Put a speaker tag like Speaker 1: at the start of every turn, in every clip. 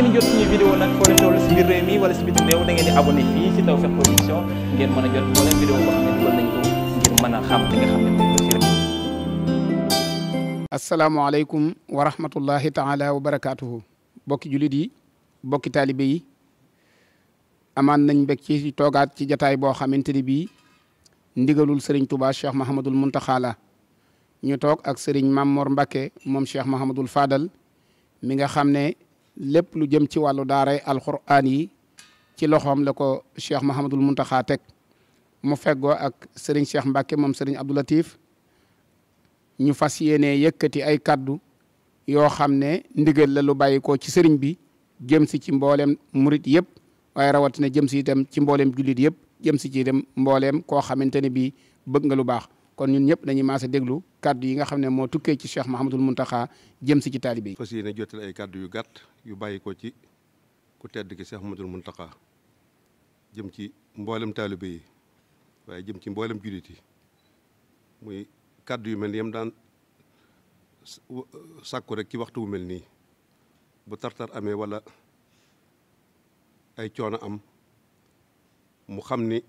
Speaker 1: ngeen jot suñu vidéo nag taala wa barakaatuhu. bokki jullit yi bokki taalibe yi amaan nañ mbég ci toogaat ci jataay boo xamante ni bii ndigalul sëriñ Touba Cheikh Mahamadul Muntaxa la ñu toog ak sëriñ Mamor Mbacke moom Cheikh Mahamadul Fadal mi nga xam ne. lépp lu jëm ci wàllu daara daaray alxuraan yi ci loxoom la ko cheikh Mahamadul Muntaxa teg mu feggoo ak sëriñ cheikh Mbacke moom sëriñ Abdou Latif ñu fas yéenee yëkkati ay kaddu yoo xam ne ndigal la lu bàyyi ko ci sëriñ bi jëm si ci mboolem murit yëpp waaye rawatina jëm si ci mboolem jullit yëpp jëm si ci itam mboolem koo xamante ne bii bëgg nga lu baax. kon ñun ñëpp dañuy maase déglu kaddu yi nga xam ne moo tukkee ci Cheikh Mahamadul Muntaxa jëm si ci taalibe yi. fas
Speaker 2: yéene jottali ay kaddu yu yu bàyyi ko ci ku tedd ki Cheikh Mahamadul Muntaxa jëm ci mboolem taalibe yi waaye jëm ci mboolem jullit muy kàddu yu mel ni yam daan sàkku rek ci waxtu mel nii bu tartar amee wala ay coono am mu xam ni.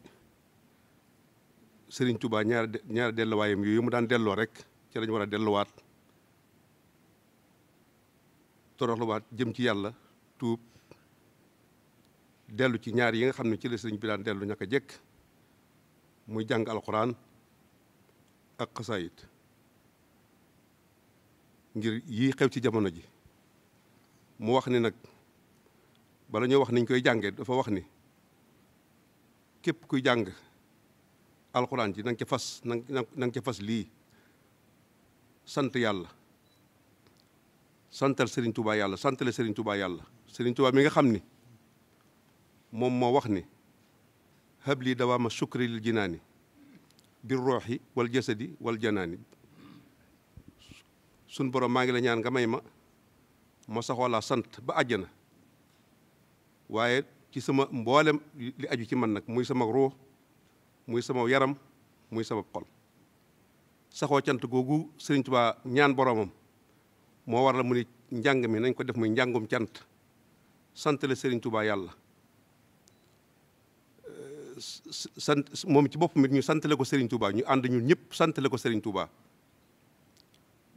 Speaker 2: sëriñ Touba ñaar ñaari delluwaayam yooyu mu daan delloo rek ci lañu war a delluwaat toroxluwaat jëm ci yàlla tuub dellu ci ñaar yi nga xam ne ci la sëriñ bi daan dellu ñaka jekk muy jàng alxuraan ak xasaayit ngir yii xew ci jamono ji mu wax ni nag bala ñu wax niñ koy jàngee dafa wax ni képp kuy jàng alxuraan ji na ca fas na na ca fas lii sant yàlla santal sëriñ Touba yàlla santale sëriñ Touba yàlla Serigne Touba mi nga xam ni moom moo wax ni habli dawaama sukri lil jinaani bir rooxi wal jasadi wal janaani sun borom maa ngi la ñaan nga may ma ma saxoo sant ba àjjana waaye ci sama mboolem li aju ci man nag muy sama ruux muy sama yaram muy sama xol saxoo cant googu Sëriñ Tuubaa ñaan boroomam moo waral mu ni njàng mi nañ ko def muy njàngum cant santale Sëriñ tubaa yàlla sant moom ci boppam it ñu santale ko Sëriñ Tuubaa ñu ànd ñun ñëpp santale ko Sëriñ Tuubaa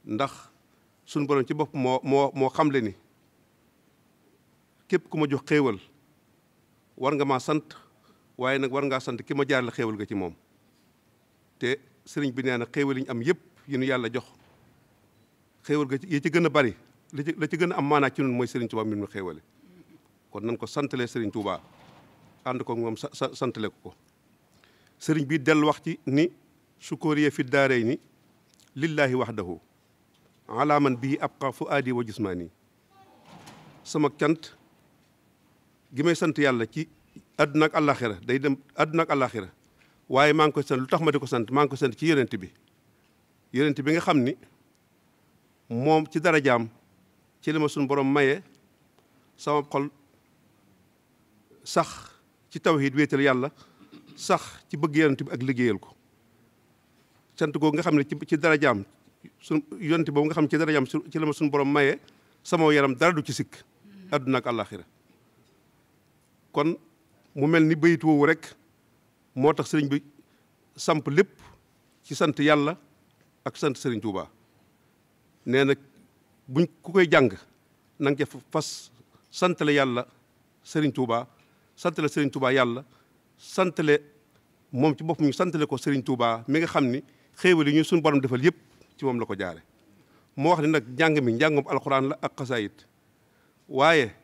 Speaker 2: ndax suñu borom ci bopp moo moo moo xamle ni képp ku ma jox xéewal war nga sant waaye nag war ngaa sant ki ma jaarale xéewal ga ci moom te sëriñ bi nee na xéewal yi ñu am yëpp yi nu yàlla jox xéewal ga ci yi ci gën a bari li la ci gën a am maanaa ci ñun mooy sëriñ Touba mi nu xéewale kon nañ ko santalee sëriñ Touba ànd ko moom sa santale ko sëriñ bi dellu wax ci ni sukóoriye fi daarey ni lillaahi wahdahu alaaman bii abqa fu aadi wa jismaani sama cant gi may sant yàlla ci àdduna ak àllaaxira day dem àdduna ak waaye maa ngi koy sant lu tax ma di ko sant maa ngi ko sant ci yonent bi yonent bi nga xam ni moom ci darajaam ci li ma suñu borom maye sama xol sax ci tawhid wéetal yàlla sax ci bëgg yonent bi ak liggéeyal ko sant googu nga xam ne ci darajaam suñ yonent boobu nga xam ne ci darajaam ci la ma suñu borom maye sama yaram dara du ci sikk àdduna ak àllaaxira kon mu mel ni bayit rek moo tax sëriñ bi samp lépp ci sant yàlla ak sant sëriñ Touba nee na buñ ku koy jàng na nga ca fas santale yàlla sëriñ Touba santale sëriñ Touba yàlla santale moom ci boppam ñu santale ko sëriñ Touba mi nga xam ni xéewal yi ñu suñu borom defal yëpp ci moom la ko jaare moo wax ne nag njàng mi njàngum alxuraan la ak xasaayit waaye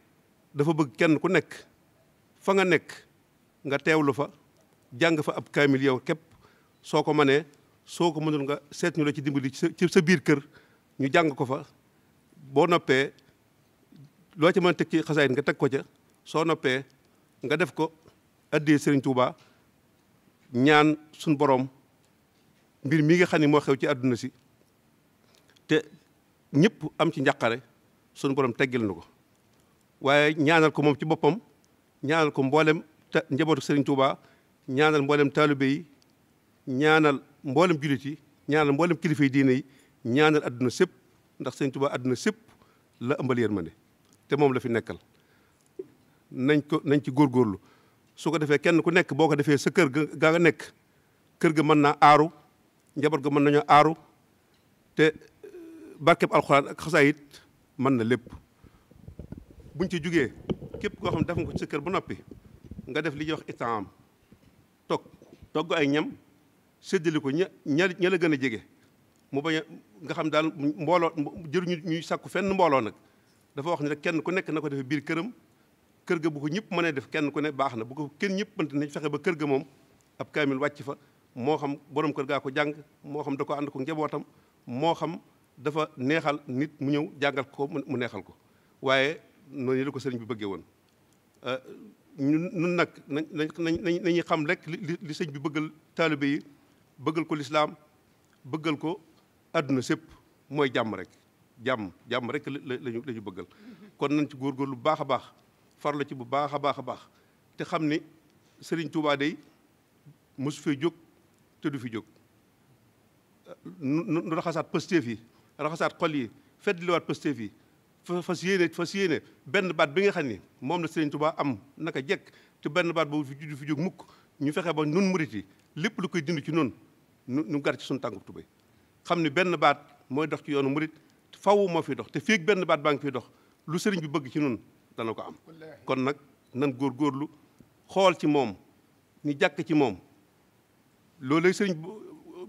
Speaker 2: dafa bëgg kenn ku nekk fa nga nekk nga teewlu fa jàng fa ab kaamil yow képp soo ko mënee soo ko mënul nga seet ñu la ci dimbali ci sa biir kër ñu jàng ko fa boo noppee loo ci mën a teg ci xasaayit nga teg ko ca soo noppee nga def ko addee Serigne Touba ñaan suñ borom mbir mi nga xam ne moo xew ci àdduna si te ñëpp am ci njaqare suñ borom teggil na ko waaye ñaanal ko moom ci boppam ñaanal ko mboolem njabootu Serigne Touba ñaanal mboolem taalibe yi ñaanal mboolem jullit yi ñaanal mboolem kilifa yi diine yi ñaanal adduna sépp ndax Serigne Touba adduna sépp la ëmbal ne te moom la fi nekkal nañ ko nañ ci góorgóorlu su ko defee kenn ku nekk boo ko defee sa kër ga nga nekk kër ga mën naa aaru njaboot ga mën nañoo aaru te barkeb alxuraan ak xasaayit mën na lépp buñ ci jógee képp koo xam ne def nga ko ci kër ba noppi nga def li ñuy wax itaam togg togg ay ñam séddale ko ña ña a gën a jege mu bañ nga xam daal mbooloo jëruñu ñuy sàkku fenn mbooloo nag dafa wax ne rek kenn ku nekk na ko defe biir këram kër ga bu ko ñëpp mënee def kenn ku ne baax na bu ko kenn ñëpp mënte nañ fexe ba kër ga moom ab kaamil wàcc fa moo xam boroom kër gaa ko jàng moo xam da ko ànd ko njabootam moo xam dafa neexal nit mu ñëw jàngal ko mu neexal ko noonu la ko sëriñ bi bëggee woon euh, ñun ñun nag nañ nañ nañuy xam rek li li sëñ bi bëggal taalibe yi bëggal ko lislaam bëggal ko àdduna sépp mooy jàmm rek jàmm jàmm rek lañu la bëggal kon nañ ci góor góor lu baax a baax farlu ci bu baax a baax a baax te xam ni sëriñ Tuubaa day mosu fee jóg te du fi jóg euh, nu raxasaat pësteef yi raxasaat xol yi feddliwaat pësteef yi fas yéene fas yéene benn baat bi nga xam ni moom la Serigne Touba am naka jekk te benn baat boobu fi fi jóg mukk ñu fexe ba nun murit yi lépp lu koy dind ci noonu nu gar ci suñu tànku tubéy xam ni benn baat mooy dox ci yoonu murit faw moo fi dox te fii benn baat baa ngi fiy dox lu sëriñ bi bëgg ci noonu dana ko am kon nag nan lu xool ci moom ñu jàkk ci moom loolu lay sëriñ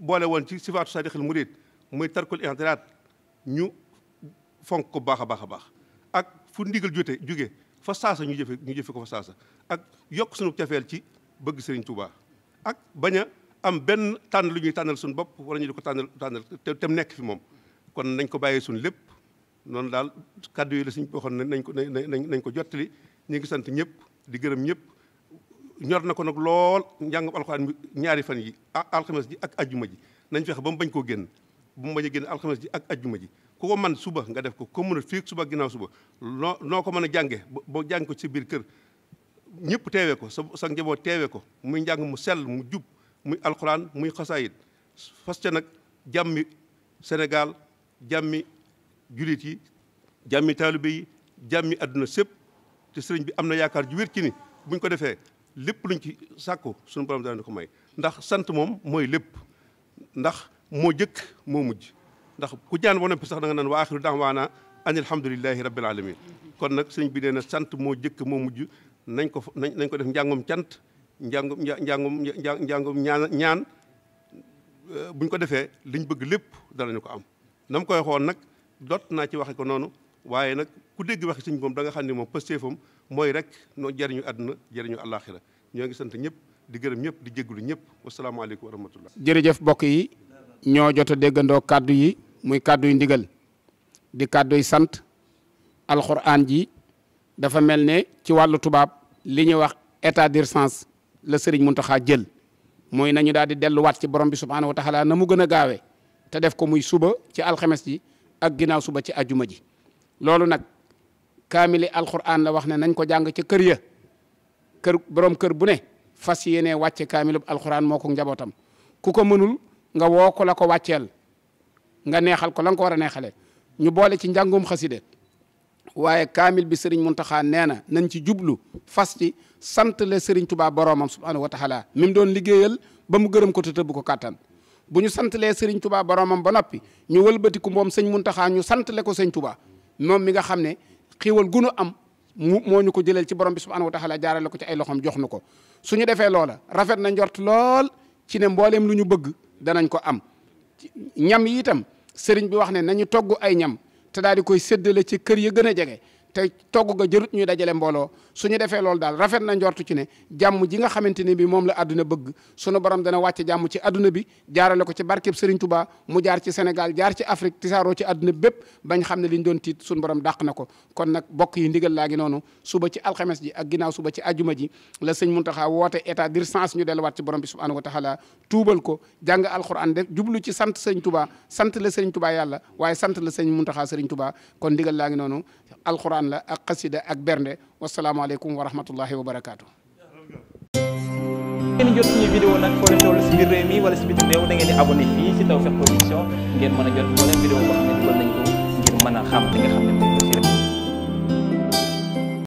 Speaker 2: boole woon ci sifaatu saadixil murit muy tarkul intiraat ñu fonk ko baax a baax a baax ak fu ndigal juute juge fa saasa ñu jëfe ñu jëfe ko fa saasa ak yokk suñu cafeel ci bëgg sëriñ Touba ak bañ a am benn tànn lu ñuy tànnal suñu bopp wala ñu di ko tànnal tànnal te tem nekk fi moom kon nañ ko bàyyee suñu lépp noonu daal kàddu yi la suñ waxoon ne nañ ko nañ ko jottali ñu ngi sant ñëpp di gërëm ñëpp ñor na ko nag lool njàngam alxuraan bi ñaari fan yi alxames ji ak ajjuma ji nañ fexe ba mu bañ koo génn bu mu bañ a génn alxames ji ak ajjuma ji koo man suba nga def ko ko mën a fii suba ginnaaw suba noo noo ko mën a jànge boo jàng ko ci biir kër ñëpp teewee ko sa sa njaboot teewee ko muy njàng mu sell mu jub muy alxuraan muy xasaayit fas ca nag jàmmi Sénégal jàmmi julit yi jàmmi taalibe yi jàmmi àdduna sépp te sëriñ bi am na yaakaar ju wér ci ni buñ ko defee lépp luñ ci sàkku suñu borom daan ko may ndax sant moom mooy lépp ndax moo jëkk moo mujj ndax ku jaan ba noppi sax da nga naan wa axiru daawaana an alhamdulilahi rabbil alamin kon nag suñ bi nee na sant moo jëkk moo mujj nañ ko nañ nañ ko def njàngum cant njàngum njàngum njàngum ñaan ñaan euh, buñ ko defee liñ bëgg lépp danañu ko am na mu koy xool nag dot naa ci waxe ko noonu waaye nag ku dégg waxe suñ boom da nga xam ne moom pastéefam mooy rek noo jëriñu àdduna jëriñu àllaaxira ñoo ngi sant ñëpp di gërëm ñëpp di jégalu ñëpp wasalaamaaleykum wa rahmatullah jërëjëf
Speaker 1: mbokk yi ñoo jot a déggandoo kàddu yi muy kàddu yu ndigal di kàdduy yu sant alxuraan ji dafa mel ne ci wàllu tubaab li ñuy wax état d'urgence la Serigne Mountakha jël mooy nañu daal di delluwaat ci borom bi subhaanahu wa taala na mu gën a gaawee te def ko muy suba ci alxemes ji ak ginnaaw suba ci ajuma ji loolu nag kaamili alxuraan la wax ne nañ ko jàng ca kër ya kër borom kër bu ne fas yéenee wàcce kaamilub alxuraan moo ko njabootam ku ko mënul nga woo ko la ko wàcceel nga neexal ko la nga ko war a neexale ñu boole ci njàngum xaside waaye kaamil bi Serigne Mountakha nee na nañ ci jublu fas ci sant le Serigne Touba boromam subhanahu wa taala mi mu doon liggéeyal ba mu gërëm ko te tëbb ko kattan bu ñu santalee Serigne Touba boromam ba noppi ñu wëlbatiku moom sëñ Mountakha ñu sant le ko sëñ Touba moom mi nga xam ne xiiwal gunu am mu moo ñu ko jëleel ci borom bi subhanahu wa taala jaarale ko ci ay loxoom jox nu ko. su defee loola rafet na njort lool ci ne mbooleem lu ñu bëgg danañ ko am ñam yiitam itam sëriñ bi wax ne nañu togg ay ñam te daal di koy séddale ci kër ya gën a jege te togg ga jërut ñuy dajale mbooloo suñu defee loolu daal rafet na njortu ci ne jàmm ji nga xamante ne bi moom la àdduna bëgg sunu borom dana wàcce jàmm ci àdduna bi jaarale ko ci barkeb Serigne Touba mu jaar ci Sénégal jaar ci Afrique tisaaroo ci àdduna bépp bañ xam ne liñ doon tiit sunu borom dàq na ko kon nag bokk yi ndigal laa ngi noonu suba ci alxemes ji a ginnaaw suba ci ajuma ji la sëñ Muntaxa woote état d'urgence ñu delluwaat ci borom bi subhanahu wa taala tuubal ko jàng alxuraan def ci sant Serigne Touba sant la Serigne Touba yàlla waaye sant la sëñ Muntaxa Serigne Touba kon ndigal laa noonu cosaan la ak xasida ak bernde wasalaamaaleykum wa rahmatullahi wa barakaatu. ngeen jot suñu vidéo nag foo leen toll si biir réew mi wala si biti réew da ngeen di abonné fii si Tawfekh Production ngeen mën a jot moo leen vidéo boo xam ne dugal nañ ko ngir mën a xam li nga xam ne